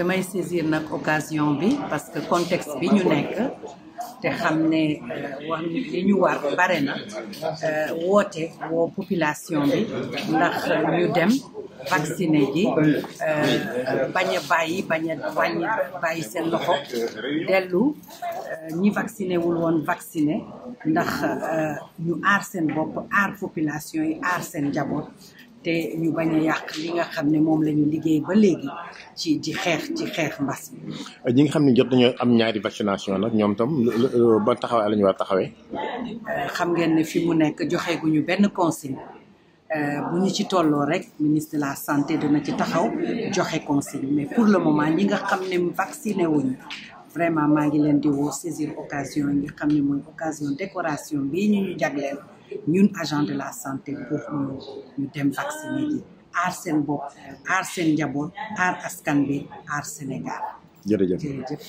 damay saisir nag occasion bi parce que contexte bi ñu nekk te xam ne euh, wax li ñu war bare na euh, woote woo population bi ndax ñu dem vacciné ji euh, bañ bàyyi bañ a bàyyi seen loxo dellu ñi vacciné wul woon vacciné ndax ñu aar seen bopp aar population yi aar seen njaboot te ñu bañ a yàq li nga xam ne moom lañu liggéey ba léegi ci ci xeex ci xeex mbas mi. ñi nga xam ne jot nañoo am ñaari vaccination nag ñoom tam ba taxawaay lañu ñu war taxawee. Euh, xam ngeen ne fi mu nekk joxeeguñu benn consigne euh, bu ñu ci tolloo rek ministre de la santé dina ci taxaw joxe consigne mais pour le moment ñi nga xam ne vacciné wuñu vraiment maa ngi leen di woo saisir occasion nga xam ne mooy occasion décoration bi ñu ñu jagleel. ñun agent de la santé pour ñu ñu dem vacciner ji aar seen bopp aar seen njaboot aar askan bi aar Sénégal jërëjëf jërëjëf